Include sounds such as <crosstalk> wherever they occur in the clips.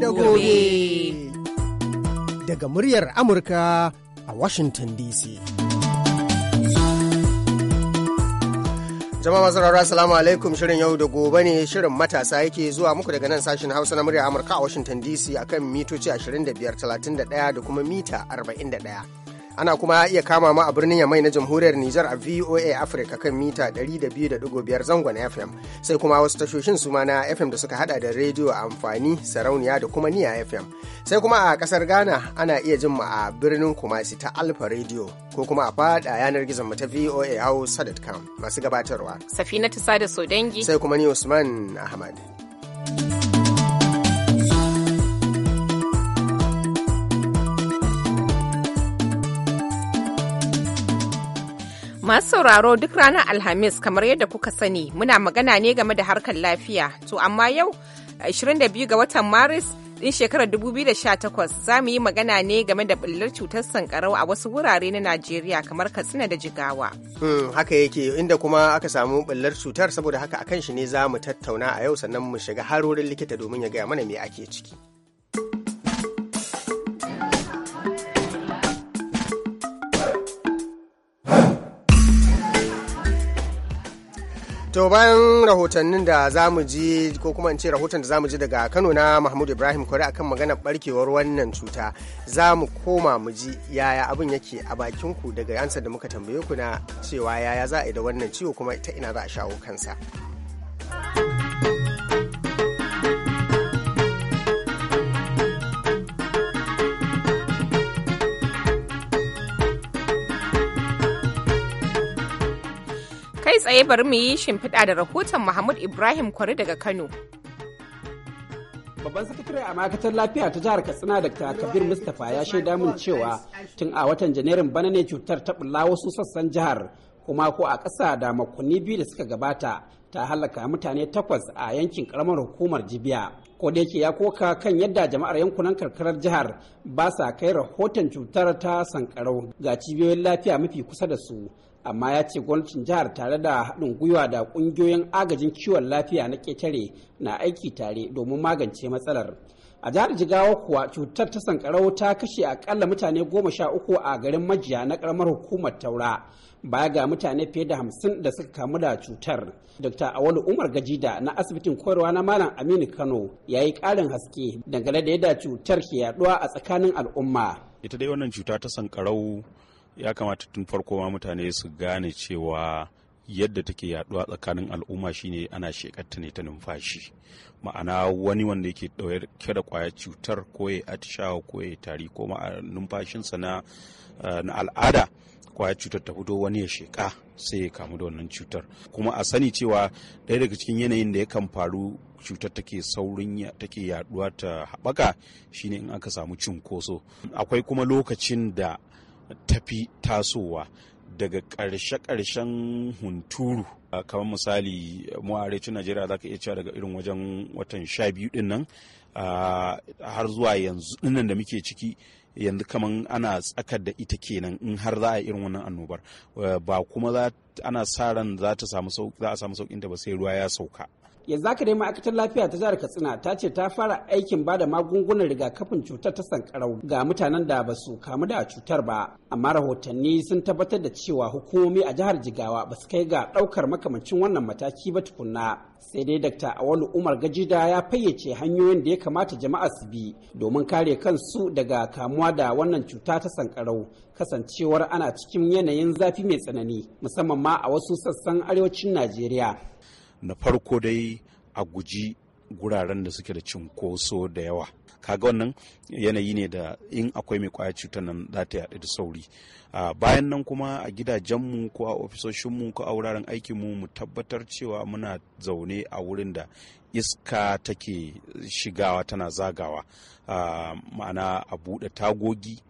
da gobe. Daga muryar Amurka a Washington DC. Jama'a masu rarra salamu alaikum shirin yau da gobe ne shirin matasa yake zuwa muku daga nan sashen Hausa na muryar Amurka a Washington DC akan mitoci 25, 31 da kuma mita 41. ana kuma iya kama mu a birnin yamai na jamhuriyar Nijar a VOA Africa kan mita 200.5 zangon FM sai kuma wasu tashoshin su ma na FM da suka hada da rediyo a amfani sarauniya da kuma niya FM sai kuma a kasar Ghana ana iya jin mu a birnin Kumasi ta Alfa Radio ko kuma a fada yanar gizon mu ta VOA Hausa.com masu gabatarwa Safinatu Sada dangi. sai kuma ni Usman Ahmad. thank you Masu sauraro duk ranar Alhamis kamar yadda kuka sani muna magana ne game da harkar lafiya. To amma yau 22 ga watan Maris din shekarar 2018 za mu yi magana ne game da ɓullar cutar sankarau a wasu wurare na Najeriya kamar Katsina da Jigawa. Hmm, haka yake inda kuma aka samu ɓullar cutar saboda haka akan shi ne za mu tattauna a yau sannan mu shiga harorin likita domin ya gaya mana me ake ciki. To bayan rahotannin da za mu ji ko kuma in ce rahoton da za mu ji daga Kano na Mahmud Ibrahim Kwari akan maganar barkewar wannan cuta za mu koma mu ji yaya abin yake a bakin ku daga yansa da muka tambaye ku na cewa yaya za a yi da wannan ciwo kuma ta ina za a shawo kansa. tsaye eh, bari mu yi shimfiɗa da rahoton Mahmud Ibrahim Kwari daga Kano. Babban sakatare a ma'aikatar lafiya ta jihar Katsina Dr. Kabir Mustapha ya shaida mun cewa tun a watan Janairun bana ne cutar ta bulla wasu sassan jihar kuma ko a ƙasa da makonni biyu da suka gabata ta halaka mutane takwas a yankin karamar hukumar jibiya ko da yake ya koka kan yadda jama'ar yankunan karkarar jihar ba sa kai rahoton cutar ta sankarau ga cibiyoyin lafiya mafi kusa da su amma ya ce gwamnatin jihar tare da haɗin gwiwa da ƙungiyoyin agajin kiwon lafiya na ƙetare na aiki tare domin magance matsalar a jihar jigawa kuwa cutar ta sankarau ta kashe akalla mutane goma sha uku a garin majiya na karamar hukumar taura baya ga mutane fiye da hamsin da suka kamu da cutar dr awalu umar gajida na asibitin koyarwa na malam aminu kano ya yi karin haske dangane da yadda cutar ke yaduwa a tsakanin al'umma ita dai wannan cuta ta sankarau ya kamata tun farko ma mutane su gane cewa yadda take yaduwa tsakanin al'umma shine ana shekatta ne ta numfashi ma'ana wani wanda yake dauke da kwayar cutar ko ya atishawa ko ya tari ko ma numfashinsa na eh, al'ada kwayar cutar ta fito wani ya sheka sai ya kamu da wannan cutar kuma a sani cewa ɗaya daga cikin yanayin da yakan faru cutar take saurin take yaduwa ta haɓaka shine in aka samu cunkoso akwai kuma lokacin da tafi tasowa daga ƙarshe-ƙarshen hunturu kamar misali mu a arewacin najeriya za ka iya cewa daga irin wajen watan sha biyu din nan har zuwa yanzu nan da muke ciki yanzu kamar ana tsakar da ita kenan in har za a irin wannan annobar ba kuma ana sa ran za a samu saukin ta ba sai ruwa ya sauka yanzu aka nemi ma'aikatar lafiya ta jihar katsina ta ce ta fara aikin ba da magungunan rigakafin cutar ta sankarau ga mutanen da ba su kamu da cutar ba amma rahotanni sun tabbatar da cewa hukumomi a jihar jigawa ba su kai ga ɗaukar makamancin wannan mataki ba tukunna sai dai dr awalu umar gajida ya fayyace hanyoyin da ya kamata jama'a su bi domin kare kansu daga kamuwa da wannan cuta ta sankarau kasancewar ana cikin yanayin zafi mai tsanani musamman ma a wasu sassan arewacin najeriya na farko dai a guji guraren da suke da cinkoso da yawa kaga wannan yanayi ne da in akwai mai kwaya cutar nan za ta yaɗu da sauri bayan nan kuma a gidajenmu ko a ofisoshinmu ko a wuraren aikinmu mu tabbatar cewa muna zaune a wurin da iska take shigawa tana zagawa ma'ana a buɗe tagogi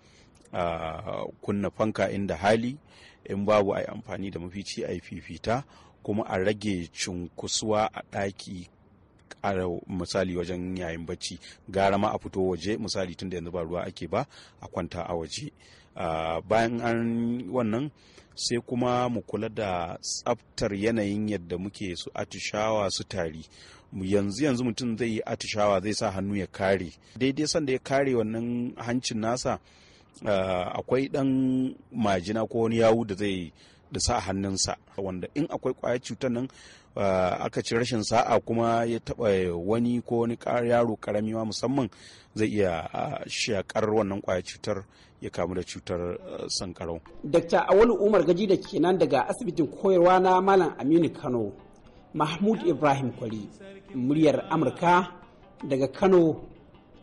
kunna fanka inda hali in babu a yi amfani da mafici a yi fifita kuma a rage cunkusuwa a ɗaki a misali wajen yayin bacci gara ma a fito waje misali tun da yanzu ba ruwa ake ba a kwanta a waje ah, bayan an wannan sai kuma mu kula da tsaftar yanayin yadda muke su atishawa su tari yanzu yanzu mutum zai yi atishawa zai sa hannu ya kare daidai sanda ya kare wannan hancin nasa ah, akwai ɗan majina ko wani yawu da zai da sa hannunsa wanda in akwai kwayar cutar nan ah, aka ci rashin sa'a kuma ya taba wani ko wani yaro karami ma musamman zai iya ah, shakar wannan kwayar cutar ya kamu da cutar ah, sankarau. Dakta Awolu Umar Gaji da ke nan daga asibitin koyarwa na Malam Aminu Kano, Mahmud Ibrahim Kwari, muryar Amurka daga Kano,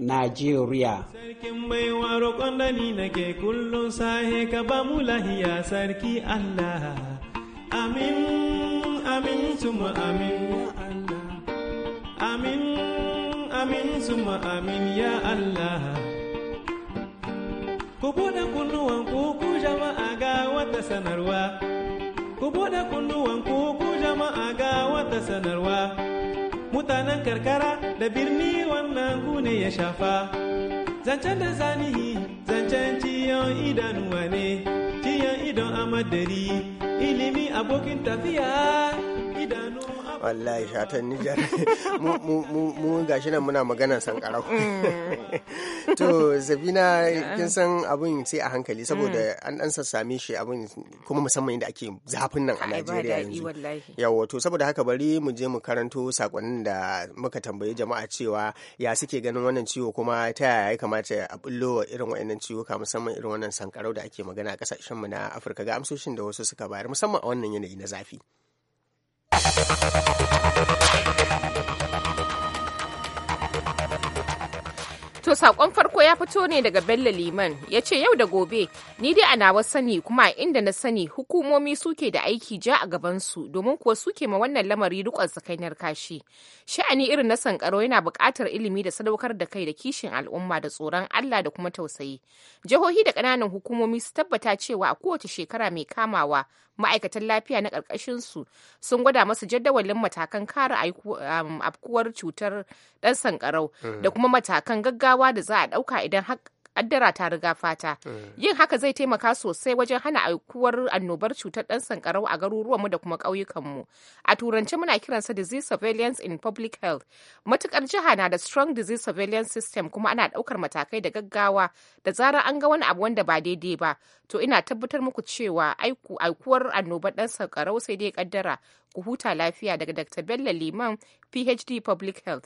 Najeriya. Sarkin baiwa roƙon da ni nake kullum sahe ka ba mu lahiya sarki Allah. Amin, amin, suma amin, Allah. Amin, amin, suma amin, ya Allah. Ku buɗe kunnuwan ku ku jama'a ga wata sanarwa. Ku buɗe kunnuwan ku ku jama'a ga wata sanarwa. mutanen karkara da birni wannan gune ya shafa zancen da zanihi zancen ciyon idanuwa ne ciyon idon amadari ilimi abokin tafiya idanu wallahi shatan nijar <laughs> mu gashi nan muna magana sankarau <laughs> to zabina kin san abun sai a hankali saboda mm. an dan sassame shi abun kuma musamman yadda ake zafin nan a najeriya yanzu yawo to saboda haka bari mu je mu karanto sakonnin da muka tambayi jama'a cewa ya suke ganin wannan ciwo kuma ta yaya ya kamata a bullo wa irin wa'annan ciwuka musamman irin wannan sankarau da ake magana a mu na afirka ga amsoshin da wasu suka bayar musamman a wannan yanayi na zafi. To saƙon farko ya fito ne daga Bello Liman ya ce yau da gobe ni dai a nawa sani kuma inda na sani hukumomi suke da aiki ja a gabansu domin kuwa suke ma wannan lamari rikon tsakainar kashi. Sha'ani irin na sankaro yana buƙatar ilimi da sadaukar da kai da kishin al'umma da tsoron Allah da kuma tausayi. Jihohi da ƙananan hukumomi su tabbata cewa a kowace shekara mai kamawa ma'aikatan lafiya na su sun gwada masu jadawalin matakan kare um, afkuwar cutar ɗan sankarau eh. da kuma matakan gaggawa da za a ɗauka idan kaddara ta riga fata eh. yin haka zai taimaka sosai wajen hana aikuwar annobar cutar ɗan sankarau a garuruwanmu da kuma ƙauyukanmu a turance muna kiransa disease surveillance in public health matukar jiha na da strong disease surveillance system kuma ana ɗaukar matakai da gaggawa da zarar an ga wani abu wanda ba daidai ba to ina tabbatar muku cewa aiku aukuwar annobar dan sankarau sai dai kaddara ku huta lafiya daga Dr. Bello Liman PhD Public Health.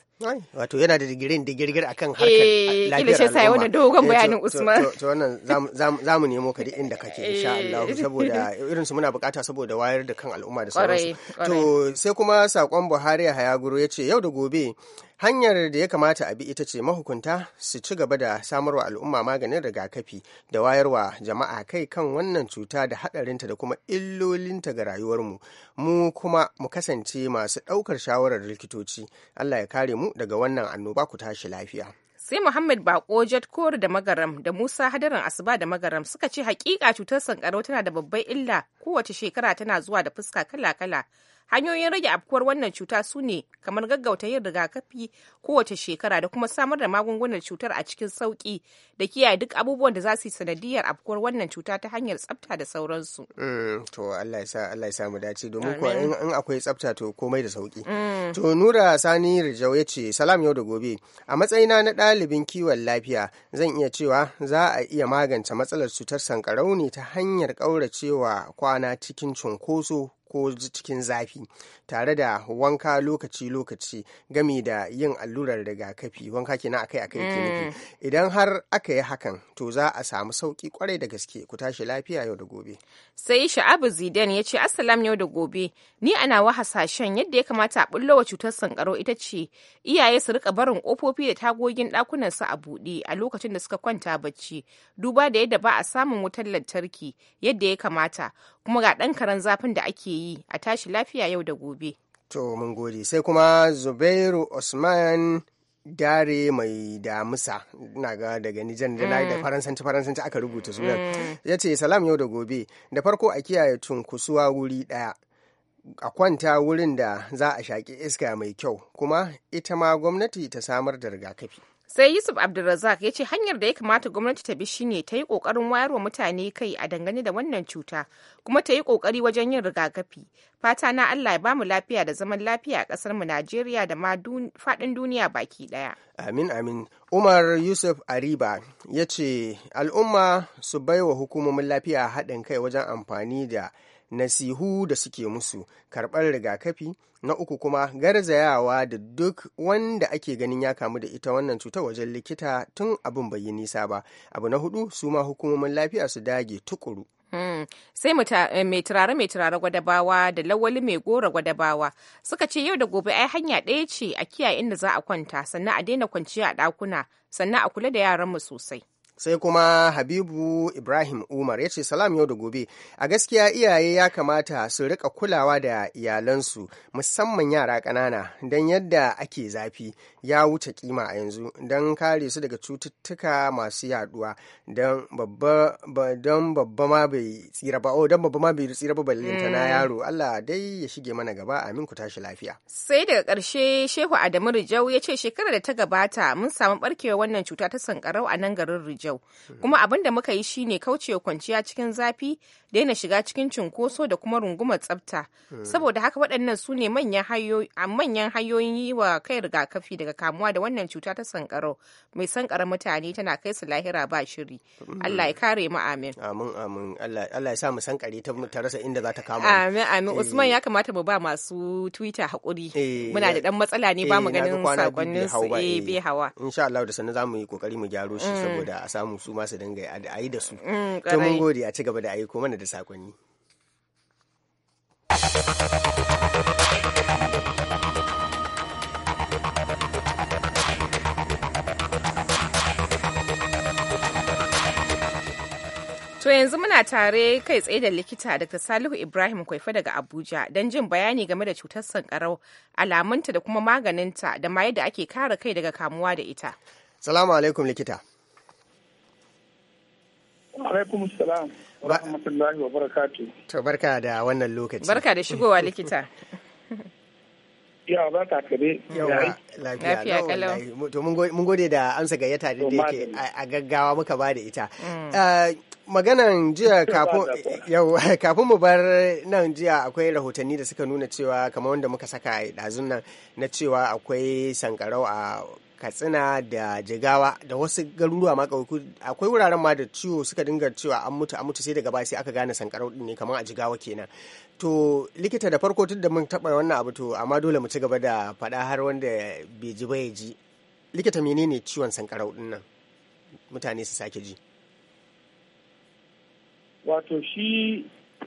Wato yana da digirin digirgir a kan harkar eh, lafiyar al'umma. Eh, shi sai wannan dogon bayanin Usman. To wannan za mu nemo ka inda kake insha eh. Allah saboda irin su muna bukata saboda wayar da kan al'umma da sauransu. To sai kuma sakon Buhari Hayaguro yace yau da gobe hanyar da ya kamata a bi ita ce mahukunta su ci gaba da samarwa al'umma maganin rigakafi da wayarwa jama'a kai kan wannan cuta da haɗarinta da kuma illolinta ga rayuwarmu mu kuma mu kasance masu ɗaukar shawarar likitoci allah ya kare mu daga wannan annoba ku tashi lafiya sai muhammad bako jet kori da magaram da musa hadarin asuba da magaram suka ce hakika cutar sankarau tana da babbar illa kowace shekara tana zuwa da fuska kala-kala hanyoyin rage afkuwar wannan cuta su ne kamar gaggauta yin rigakafi kowace shekara da kuma samar da magungunan cutar a cikin sauki da kiyaye duk abubuwan da za su yi sanadiyar afkuwar wannan cuta ta hanyar tsafta da sauransu. Mm, to Allah ya sa Allah ya sa mu dace domin ko in akwai tsafta to komai da sauki. Mm. to Nura Sani Rijau ya ce salam yau da gobe a matsayina na ɗalibin kiwon lafiya zan iya cewa za a iya magance matsalar cutar sankarau ne ta hanyar ƙauracewa kwana cikin cunkoso ko cikin zafi tare da wanka lokaci-lokaci gami da yin allurar rigakafi wanka kenan akai-akai ke nufi mm. idan har aka yi hakan to za a samu sauki kwarai da gaske ku tashi lafiya yau da gobe sai sha'abu zidan ya ce assalam yau da gobe ni ana wa hasashen yadda ya kamata a wa cutar sankaro ita ce iyaye su rika barin kofofi da tagogin dakunan su a buɗe a lokacin da suka kwanta bacci duba da yadda ba a samun wutar lantarki yadda ya kamata kuma ga ɗan karen zafin da ake yi a tashi lafiya yau da gobe. To mun gode sai kuma Zubairu Usman dare mai damusa na ga daga nijan da da mm. faransanci faransanci aka rubuta sunan mm. ya ce salam yau da gobe da farko a kiyaye tunkusuwa wuri ɗaya a kwanta wurin da za a shaƙi iska mai kyau kuma ita ma gwamnati ta samar da rigakafi sai yusuf abdulrazak ya ce hanyar da ya kamata gwamnati ta bi shine ta yi kokarin wayar wa mutane kai a dangane da wannan cuta kuma ta yi ƙoƙari wajen yin rigakafi fata na allah ya bamu lafiya da zaman lafiya a kasar mu najeriya da ma faɗin duniya baki ɗaya amin amin umar yusuf ariba ya ce al'umma su baiwa hukumomin lafiya haɗin kai wajen amfani da nasihu da suke musu karɓar rigakafi na uku kuma garzayawa da duk wanda ake ganin ya kamu da ita wannan cutar wajen likita tun abin bai yi nisa ba abu na hudu su ma hukumomin lafiya su dage tukuru Hmm. sai eh, mai turare mai turare gwadabawa da lawali mai gora gwadabawa suka ce yau da gobe ai hanya ɗaya ce a kiyaye inda za a kwanta sannan a daina kwanciya a ɗakuna sannan a kula da yaranmu sosai sai kuma habibu ibrahim umar ya ce salam yau da gobe a gaskiya iyaye ya kamata su rika kulawa da iyalansu musamman yara ƙanana don yadda ake zafi ya wuce kima a yanzu don kare su daga cututtuka masu yaduwa don babba ma bai tsira ba oh, don babba na mm. yaro allah dai ya shige mana gaba amin ku tashi lafiya sai daga ƙarshe shehu adamu rijau ya ce shekarar da ta gabata mun samu barkewa wannan cuta ta sankarau a nan garin rijau Jau. Mm. Kuma abin da muka yi shine kaucewa kwanciya cikin zafi, daina shiga cikin cunkoso da kuma rungumar tsafta. Mm. Saboda haka waɗannan su ne manyan hanyoyin yi wa kai rigakafi daga kamuwa da wannan cuta ta sankarau. Mai sankara mutane tana kai su lahira ba shiri. Mm. Allah ya kare mu amin. Amin amin. Allah ya sa mu sankare ta rasa inda za ta kama. Amin amin. Eh. Usman ya kamata mu ba masu Twitter haƙuri. Eh. Muna da ɗan matsala ne ba mu eh, ganin sakonnin su bai hawa. Insha Allah da sannan za mu yi kokari mu gyaro shi saboda a samu su masu dinga a yi da su mm, to mun gode a ci gaba da aiko mana da sakonni To yanzu muna tare kai tsaye da likita Dr. Salihu Ibrahim Kwaifa daga Abuja don jin bayani game da cutar sankarau, alamunta da kuma maganinta da ma yadda ake kare kai daga kamuwa da ita. Salamu alaikum likita. alaikum salam wa rahmatullahi wa barakatu to barka da wannan lokaci barka da shigowa likita <laughs> yawa barka ka dai lafiya kalau to mun gode da amsa gayyata da yake a gaggawa muka ba da ita mm. eh, maganan jiya <laughs> <laughs> kafin mu bar nan jiya akwai rahotanni da suka nuna cewa kamar wanda muka saka ɗazun nan na cewa akwai sankarau a katsina da jigawa da wasu garuruwa ma akwai wuraren ma da ciwo suka dinga cewa an mutu an mutu sai daga baya sai aka gane sankarau ne kamar a jigawa kenan to likita da farko tun da mun taba wannan abu to amma dole mu ci gaba da faɗa har wanda bai ji ba ya ji likita menene ciwon sankarau din nan mutane su sake ji wato shi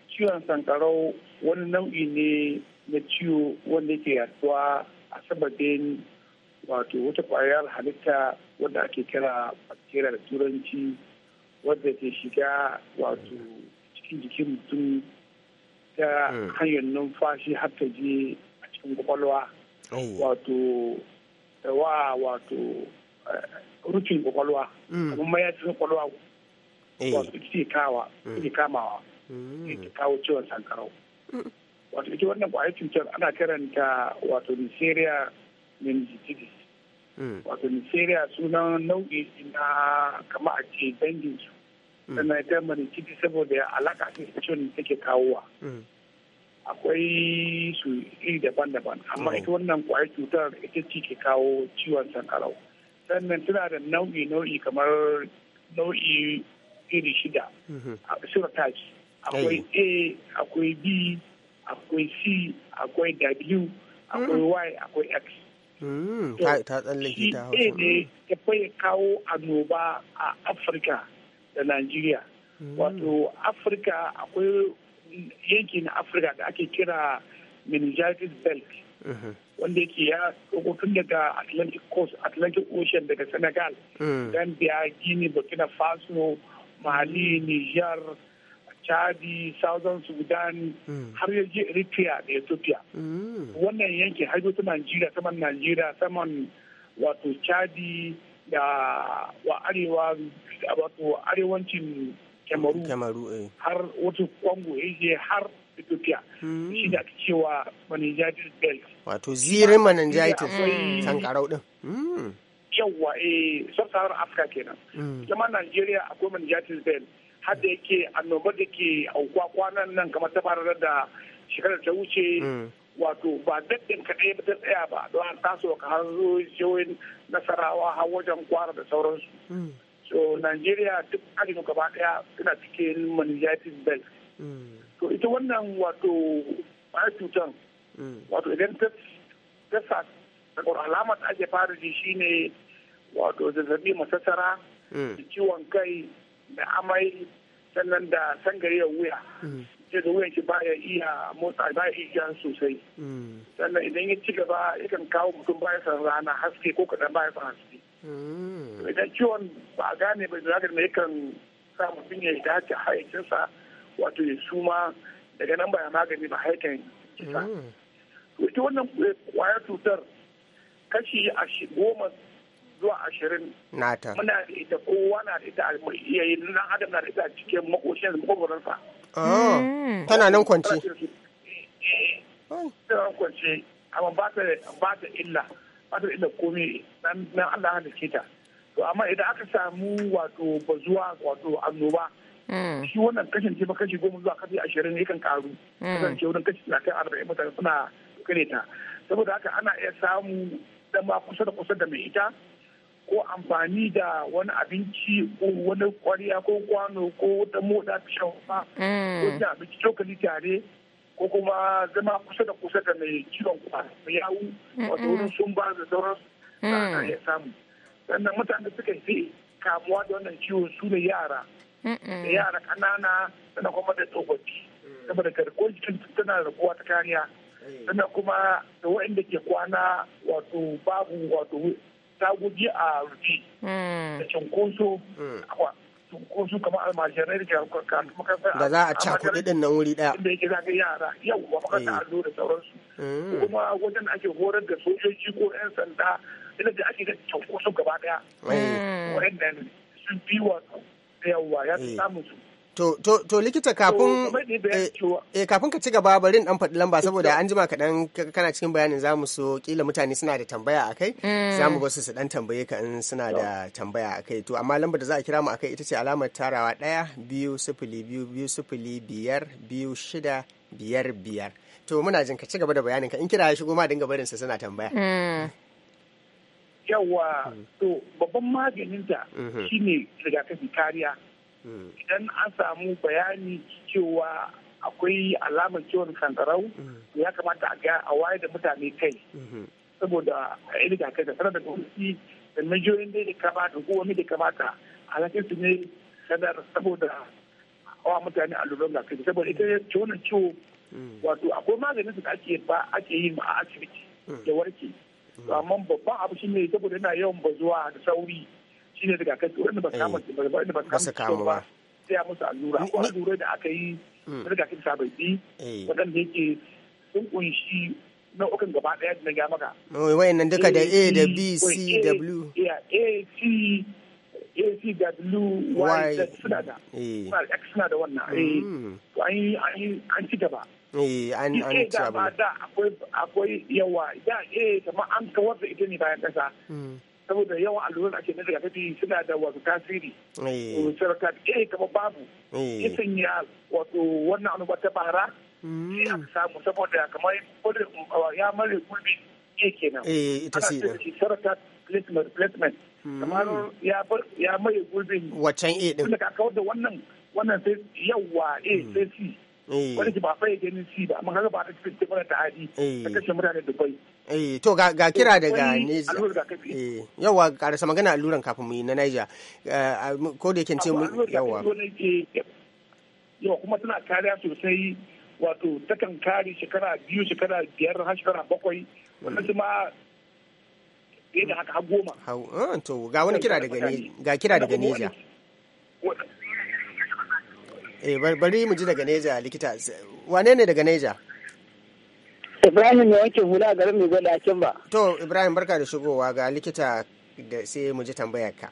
ciwon sankarau wani nau'i ne na ciwo wanda ke yaduwa a sababin wato wata kwayar halitta wadda ake kira bacteria da turanci wadda ke shiga wato cikin jikin mutum ta hmm. hanyar numfashi har ta je a cikin kwakwalwa oh. wato wa wato eh, rufin kwakwalwa hmm. kuma mayacin kwakwalwa eh. wato ita ce kawa hmm. ita kamawa ita kawo ciwon sankarau wato ita wannan kwayar cutar ana karanta wato Neisseria meningitis hmm. wato nigeria sunan nau'i na kama a ce dangin su hmm. sannan ita meningitis saboda alaka infection take kawowa hmm. akwai su iri daban-daban amma ita wannan kwayar cutar ita ce ke kawo ciwon sankarau sannan tana da nau'i nau'i kamar nau'i iri shida a surataci akwai a akwai b akwai c akwai w akwai y akwai x Mm, ta tsallake ta hausa ne ya kawo annoba a afirka da najeriya mm. wato afirka akwai yanki na afirka da ake kira meningitis belt uh-huh. wanda yake ya tun daga atlantic coast atlantic ocean daga senegal mm. gambia guinea burkina faso mali niger chadi southern sudan hmm. har ya je eritrea da ethiopia hmm. wannan yankin har ta najeriya saman najeriya saman wato chadi da wa arewa wato arewacin kemaru eh. har wato kwango ya je har ethiopia hmm. shi da ake cewa meningitis belt wato zirin meningitis sankarau din yawwa eh sub-saharan afirka kenan kuma najeriya akwai meningitis belt har da yake annobar da ke aukuwa kwanan nan kamar ta fara da shekarar ta wuce mm. wato ba daddin kaɗai ba ta tsaya ba don an taso ka har zo jihohin nasarawa har wajen kwara da sauransu mm. so najeriya duk arewa gaba ɗaya suna cikin manijatis belt mm. to ita wannan wato ba cutar wato idan ta sa alamar da ake fara ji shine wato zazzabi masassara ciwon kai da amai sannan da sangariyar wuya ce mm. da wuyan shi baya iya motsa baya iya sosai mm. sannan idan ya ci gaba yakan kawo mutum baya san rana haske ko kadan baya san haske mm. idan ciwon ba a gane ba da mai yakan sa mutum ya shiga ta hayyacinsa wato ya suma daga nan baya magani ba haikan kisa ita wannan eh, kwayar cutar kashi a goma zuwa ashirin nata muna da ita kowa na da ita yayi nan adam na da ita cikin makoshin makogoransa oh. hmm. tana nan kwanci. tana nan kwanci. amma ba ta ba ta illa ba ta illa komi nan Allah ke ta to amma idan aka samu wato bazuwa wato annoba hmm. shi wannan kashin ce kashi goma zuwa kashi ashirin yakan karu hmm. kasance wurin kashi na kai arba'in mutane suna kare ta saboda haka ana iya samu dama kusa da kusa da mai ita ko amfani da wani abinci ko wani kwarya ko kwano ko wata mota ta shafa ko ta mm. abinci cokali tare ko kuma zama kusa da kusa da mai ciwon kwana yawu wato wurin sun ba da sauransu mm. za ya samu sannan mutane suka fi kamuwa da wannan ciwon su ne yara da yara kanana sannan kuma da tsofaffi mm. saboda garkuwar jikin tana rabuwa ta kariya sannan kuma da waɗanda ke kwana wato babu wato tagogi a rufi hmm. da cunkoso hmm. cunkoso kamar almajirai da makaranta da za a ci kuɗi din nan wuri ɗaya inda yake za ga yara yawwa makaranta hmm. allo da sauransu kuma wajen ake horar da sojoji ko 'yan sanda inda da ake da cunkoso gaba ɗaya wa'annan sun fi wa yawwa ya eh. samu su To, to, to likita kafin eh, eh, kafin ka ci gaba barin dan faɗi lamba saboda an jima kaɗan kana cikin bayanin za mu so kila mutane suna da tambaya a kai mm. za mu basu su dan tambaye ka in suna da tambaya a kai to amma lambar da za a kira mu a kai ita ce alamar tarawa ɗaya biyu sifili biyu biyu sifili biyar biyu shida biyar biyar to muna jin ka ci gaba da bayanin ka in kira ya shigo ma dinga barin sa suna tambaya. Mm. Yawwa mm. to babban maganinta mm-hmm. shine rigakafi kariya. idan an samu bayani cewa akwai alamar ciwon kankarau ya kamata a ga a waye da mutane kai saboda a yi kai da sanar da gwamnati da majiyoyin da ya kamata ko wani da kamata alhakin su ne sadar saboda wa mutane a da kai saboda ita ce wannan ciwo wato akwai maganin su da ake ba ake yi a asibiti da warke amma babban abu shi ne saboda yana yawan bazuwa da sauri shi ne rigakafi wanda ba su kama eh, wanda ba su kama ba sai a musu allura ko allura da aka yi hmm. rigakafi sababbi eh. waɗanda yake sun kunshi nau'ukan gaba ɗaya da na ga maka. Eh, nan duka da A da B C W. A C w Y suna da X suna da wannan hmm. to an ci gaba. Eh an an ci gaba. Da akwai yawa da A kamar an kawar da ita ne bayan ƙasa. Hmm. saboda yawan alluran ake na rigakafi suna da wasu tasiri eh. sarkat a eh, kama babu eh. ya sanya wato wannan annoba ta bara hmm. sai a samu saboda kamar uh, ya mare gulbi a kenan ita ce sarkat replacement hmm. kamar ya mare gurbin wacan a din da wannan wannan sai yawa a sai c Mm. wanda ba bai ganin si ba amma ba ta cikin ta hadi ta kashe mutane eh to ga ga kira eh, daga ne yawa karasa magana alluran kafin mu yi na Niger eh, ko da yake ce mu yawa yawa kuma tana kariya sosai wato takan kare shekara biyu shekara biyar har shekara bakwai wannan ma fiye haka har goma ah, to ga wani kira daga ga kira daga Niger eh bari mu ji daga neja likita wane ne daga neja ibrahim ne wanke hula a garin mai gwada akin ba to ibrahim barka da shigowa ga likita da sai mu ji tambayar ka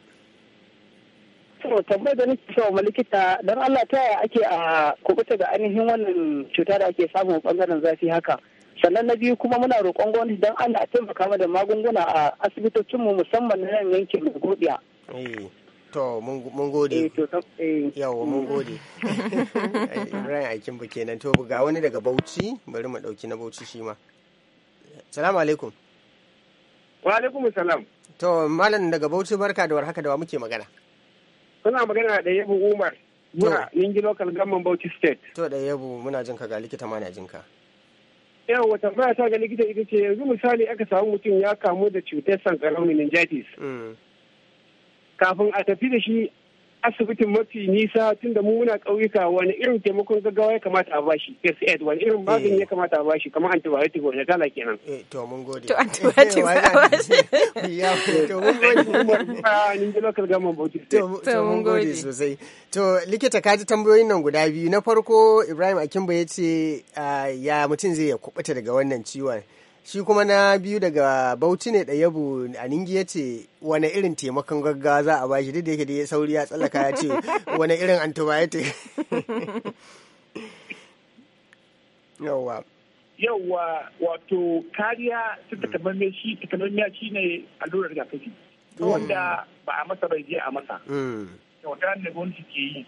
to tambayar da nake so ma likita don allah ta yaya ake a kubuta ga ainihin wannan cuta da ake samu bangaren zafi haka sannan na biyu kuma muna roƙon gwamnati don allah ta taimaka da magunguna a asibitocinmu musamman na yankin godiya eh. To, mun gode. Yawo, mun gode. Eh, eh. <laughs> eh, Ibrahim aikin bu kenan. To, ga wani daga Bauchi, bari mu ɗauki na Bauchi shi ma. Salamu alaikum. Wa alaikum salam. To, malam daga Bauchi barka da warhaka da wa muke magana. Kuna magana da Yabu Umar. Muna Ningi Local Government Bauchi State. To, da Yabu muna jinka ga likita ma na jinka. Yawa, tambaya ta ga likita ita ce yanzu misali aka samu mutum ya kamu da cutar sankarau meningitis. Mm. kafin a tafi da shi asibitin mafi nisa tun da mu muna ƙauyuka wani irin taimakon gaggawa ya kamata a bashi first aid wani irin magani eh. ya kamata a bashi kamar antibiotic wani tala kenan. Eh, to mun gode. to antibiotic <laughs> a bashi. ya to mun gode. <laughs> ni ji local government to mun gode sosai. to likita kaji tambayoyin nan guda biyu na farko Ibrahim Akimba ya ce ah, ya mutum zai ya kubuta daga wannan ciwon. shi kuma na biyu daga bauchi ne ɗayabu a ningi ya ce wani irin taimakon gaggawa za a bashi duk da yake da sauri ya tsallaka ya ce wani irin antibiotic yawwa <laughs> yawwa wato kariya ta takamammiya shi takamammiya shi ne a lura da kafi mm. wanda ba a masa bai je a masa mm. kyauta ne gwamnati ke yi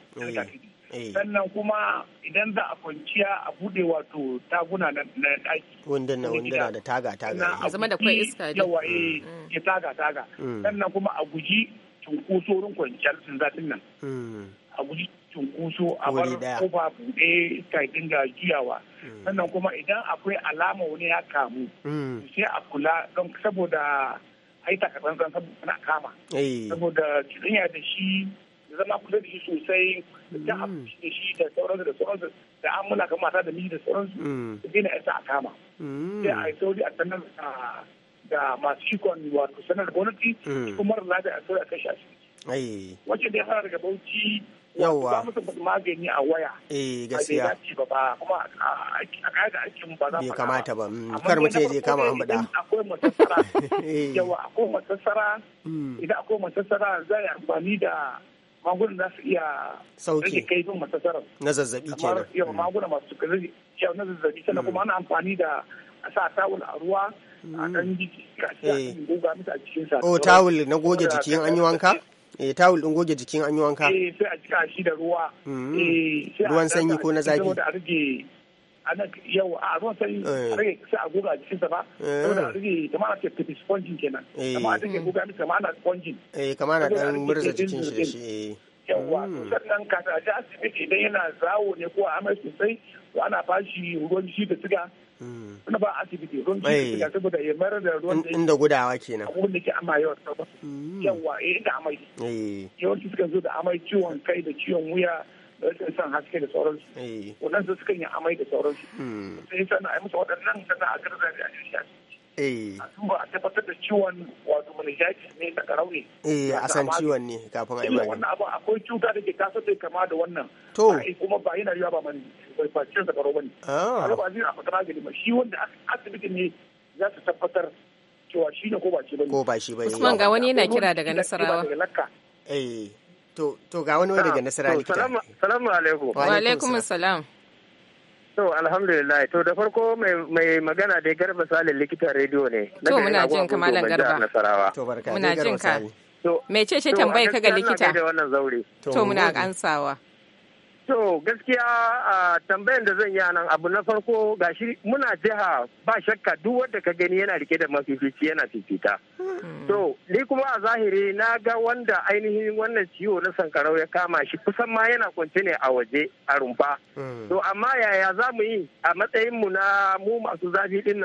Eh. sannan kuma idan za a kwanciya a bude wato taguna na daki wanda na da taga taga a zama da kwai iska da yawa eh, mm. ya taga taga mm. sannan kuma a guji cunkoso rin kwanciyar zafin nan mm. a guji cunkoso a bar kofa bude iska dinga juyawa sannan kuma idan akwai alama wani ya kamu sai a kula don saboda a yi takatsantsan saboda na kama eh. saboda cuɗanya da shi da zama kusa da shi sosai da hafi da mm. shi da sauransu da sauransu da an muna kan mata da miji da sauransu mm. da gina yasa a kama mm. sai a yi sauri a sanar da masu shikon wato sanar gwamnati kuma marar lafiya a sauri a kashe shi Wacce da ya fara daga Bauchi yawwa magani a waya eh gaskiya ba kuma a kaida aikin ba za bai kamata ba kar mu ce je kama an bada akwai matsasara <laughs> eh. yawa akwai matsasara idan akwai matsasara za a amfani da magunan za su iya rage kaifin masasarar na zazzabi kenan yawa mm. maguna masu rage yawa na zazzabi sannan kuma mm. ana amfani da a sa tawul a ruwa a mm. ɗan jiki ka a eh. goga musu a cikin sa oh tawul na goge jiki an yi wanka eh tawul din goge jiki jikin an yi wanka eh sai a cika shi da ruwa eh ruwan sanyi ko na zafi a rage a nan yau a ruwan sanyi a eh. rage sai a goga jikinsa ba eh. saboda a rage kamar ana tafi sponjin kenan eh. kamar a rage goga masa kamar ana sponjin eh kamar ana dan murza jikin shi da shi yawwa hmm. sannan kafin a ji asibiti idan yana zawo ne ko a amai sosai ana bashi shi ruwan shi da siga hmm. na ba asibiti ruwan shi da siga saboda ya mayar da ruwan da inda gudawa kenan abun da ke hmm. amai yawa yawa eh inda amai yawanci suka zo da amai ciwon kai da ciwon wuya rashin son haske da sauransu eh. wannan su suka yi amai da sauransu hmm. sai yasa yi musu waɗannan da za a garza da ajiyar shi a sun eh. ba a tabbatar da ciwon wato meningitis ne ta karau eh, a san ciwon ne kafin a yi magani wannan abu akwai cuta da ke kasa sai kama da wannan to kuma ba yana yiwa ba man ba ciwon ta ba bane ah. a lokacin a fata magani ma shi wanda asibitin ne za su tabbatar cewa shi ne ko ba shi bane ko ba shi bane Usman ga wani yana kira daga Nasarawa eh To to ga wani daga nasara likita. Salamu alaikum. Wa alaikum salam. To alhamdulillah to da farko mai magana dai garba salin likita rediyo ne. To muna jin ka malam garba. To barka muna jin ka. Mece ce tambayi ka ga likita? To muna ansawa. To gaskiya a tambayan da zan yi nan abu na farko gashi muna jiha ba shakka duk wanda ka gani yana rike da mafifici yana fifita. Hmm. To ni kuma a zahiri na ga wanda ainihin wannan ciwo na sankarau ya kama shi kusan ma yana kwance ne a waje a rumfa. Hmm. To amma yaya za mu yi a matsayin mu na mu masu zafi din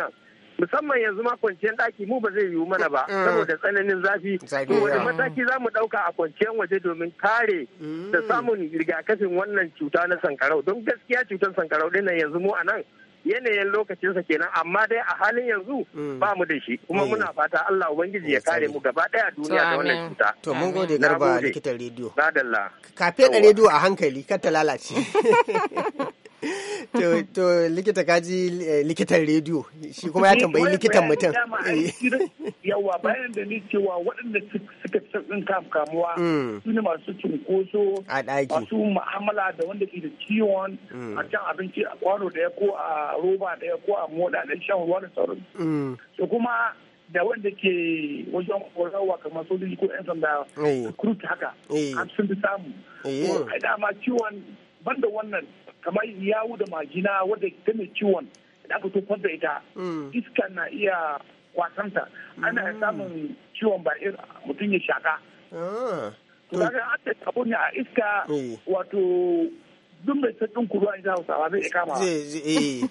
musamman yanzu ma kwanciyar ɗaki mu ba zai yiwu mana ba mm. saboda tsananin zafi wani mataki za mu ɗauka a kwanciyar waje domin kare mm. da samun rigakafin wannan cuta na sankarau don gaskiya cutar sankarau ɗin yanzu mu a nan yanayin lokacinsa kenan amma dai a halin yanzu mm. ba mu da shi kuma muna fata Allah ubangiji ya kare mu gaba daya duniya da wannan cuta to mun gode garba likitan rediyo na dalla ka rediyo a hankali kar ta lalace <laughs> to likita kaji eh, likitan rediyo shi kuma ya eh, tambayi likitan mutum eh. yawa bayan da ni cewa waɗanda suka tsakin kamuwa mm. su ne masu cunkoso a ɗaki masu mu'amala da wanda ke da ciwon mm. a can abinci a kwano ɗaya ko a roba ɗaya ko a moda da shan ruwa da sauran so mm. kuma da wanda ke wajen kwarawa kamar sojoji ko 'yan sanda kurut haka an sun fi samu ai dama ciwon banda wannan kamar yawu da majina wadda ta mai ciwon da aka tofar da ita mm. iska na iya kwasanta ana mm. samun ciwon ba mutum ya shaka. Ah. To kaga an ne a iska eh. wato duk mai zai eh.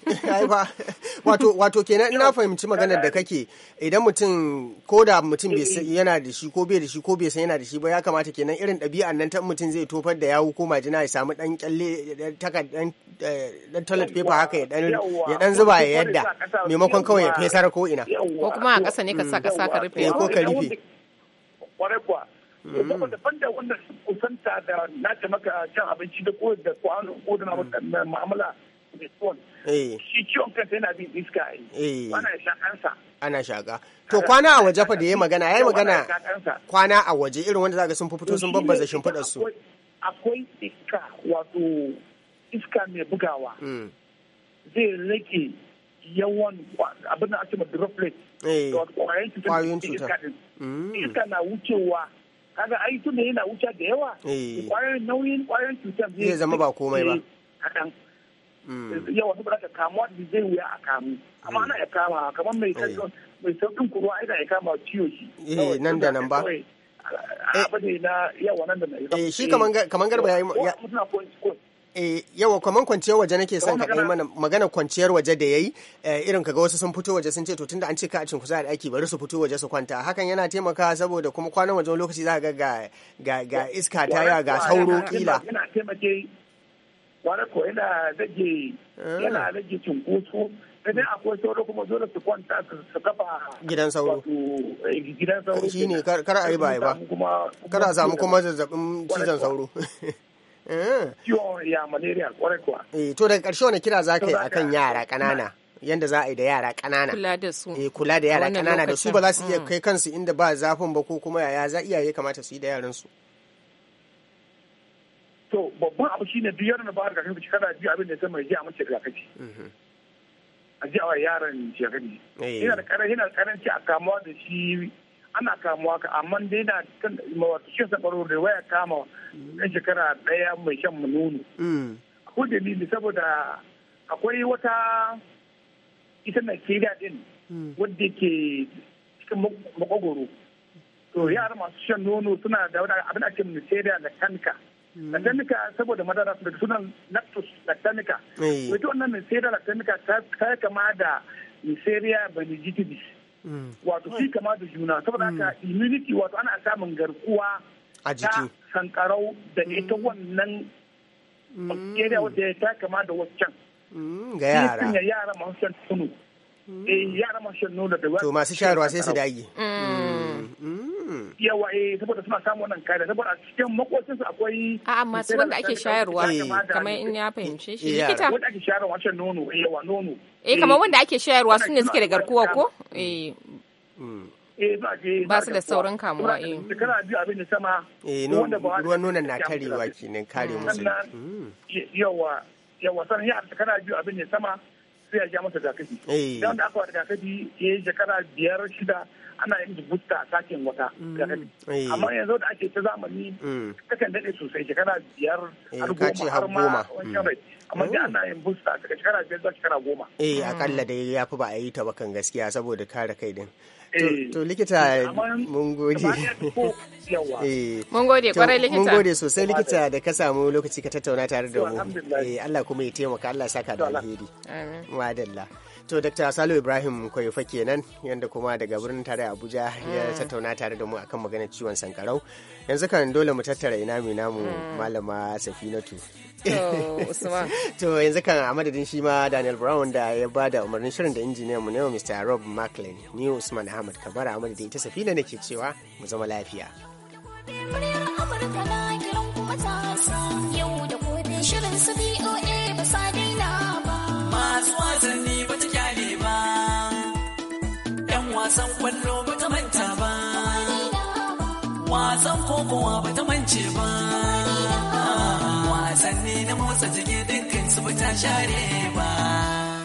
wato wato kenan ina fahimci maganar da kake idan mutum ko da mutum yana da shi ko bai da shi ko bai san yana da shi ba ya kamata kenan irin ɗabi'an nan ta mutum zai tofar da yawu ko majina ya samu ɗan kyalle takardar dan eh, toilet paper haka ya dan zuba ya yadda maimakon kawai ya fesar ko ina ko kuma a ƙasa ne ka sa ƙasa ka rufe eh, ko ka rufe kwarai kuwa saboda fanda mm. wannan kusanta da na ce maka cin abinci da ko da kwano ko da mm. mu'amala da ciwon eh. shi ciwon kansa yana bin iska eh. ana shakansa ana shaka to kwana a waje fa da ya magana ya magana kwana a waje irin wanda zaka sun fito sun babbaza shimfiɗar su akwai iska wato iska mai bugawa mm. zai rage yawan abin da ake ma droplet kwayoyin eh. cutar iska na wucewa kaga ai tunda yana wuta da yawa kwayoyin nauyin kwayoyin cutar zai zama ba komai ba kadan yawa saboda ka kamuwa da zai wuya a kamu amma ana ya kama kamar mai mai sauƙin kuruwa ai da ya kama ciwo shi eh nan da nan ba a ne na yawa nan da nan eh shi kaman garba yayi yi Eh, yawa kaman kwanciyar waje nake son ka mana magana kwanciyar waje da yayi eh, irin kaga wasu sun fito waje sun ce to tunda an ce ka a cin kusa da aiki bari su fito waje su kwanta hakan yana taimakawa saboda kuma kwanan waje lokaci za ga ga ga iska ta yawa ga sauro kila yana taimake ko yana rage ah. yana rage cunkoso sai akwai sauro kuma dole su kwanta su kafa gidan sauro eh, gidan sauro shine kar a yi ba ba kar a samu kuma zazzabin cizon sauro <laughs> Eh. ciwon ya malaria eh, to daga karshe wani kira za ka yi kan yara ƙanana yanda za a yi da yara ƙanana kula da su eh kula da yara ƙanana da su ba za su iya kai kansu inda ba zafin ba ko kuma yaya za iyaye kamata su yi da yaran su to babban abu shine duk yaran da ba rigakafi ba shekara biyu abin da ya zama ya je a mace mhm. a ji a yaran shekaru eh. yana da karanci a kamuwa da shi ana kamuwa ka amma dai na kan shi shan sabaro da waya kama ɗan shekara ɗaya mai shan nono. Mm. Akwai dalili saboda akwai wata ita na Najeriya din mm. wadda ke cikin makogoro. To mm. yara masu shan nono suna da abin ake Najeriya da kanka. lactanica saboda madara daga sunan lactose lactanica wato eh. wannan da lactanica ta kama da niseriya benigitidis Mm. wato shi kama da juna saboda haka mm. immunity wato ana samun garkuwa a jiki sankarau da mm. ita wannan bacteria wadda ya ta kama da waccan ga yara yara masu shan nono eh yara masu shan nuna da to masu shayarwa sai su dage yawa eh saboda suna samun wannan kariya saboda a cikin makocinsu akwai a masu wanda ake shayarwa kamar in ya fahimce shi likita wanda ake shayarwa shan nono eh yawa nono eh kamar eh, wanda ake shayarwa su ne suke da garkuwa ko eh, mm. eh, eh ba su da sauran kamuwa eh kana biyu abin da sama eh ruwan nonon na tarewa kenan kare mm. musu mm. yawa yawa sanin ya kana biyu abin da sama sai ya ja masa rigakafi. Da aka wa rigakafi ya yi shekara biyar shida ana yin butta a sakin wata mm. eh. amma yanzu da ake ta zamani mm. takan daɗe sosai shekara biyar eh, har goma har ma wancan mm. amma da ana yin butta daga shekara biyar zuwa shekara goma. eh akalla dai ya fi ba a yi ta bakan gaskiya saboda kare kai din. To eh. likita mun gode. Mun gode kwarai likita. Mun gode sosai likita da ka samu lokaci ka tattauna tare da mu. Allah kuma ya taimaka Allah saka da alheri. Wadalla. To Dr. Salo Ibrahim Kwayofa kenan yadda kuma daga birnin tare tarayya abuja ya mm. tattauna tare da mu akan maganar ciwon sankarau yanzu kan dole mu tattara ina mu namu mm. malama safinatu <laughs> to yanzu kan a madadin shi ma daniel brown da ya ba da umarnin shirin da injiniyan mu yau mr rob macklin ni usman ahmad kabara a madadin ita safina nake cewa mu zama lafiya Amurka na kiran kuma ta amince ba wasanni na motsa jiki dukkan su ba ta share ba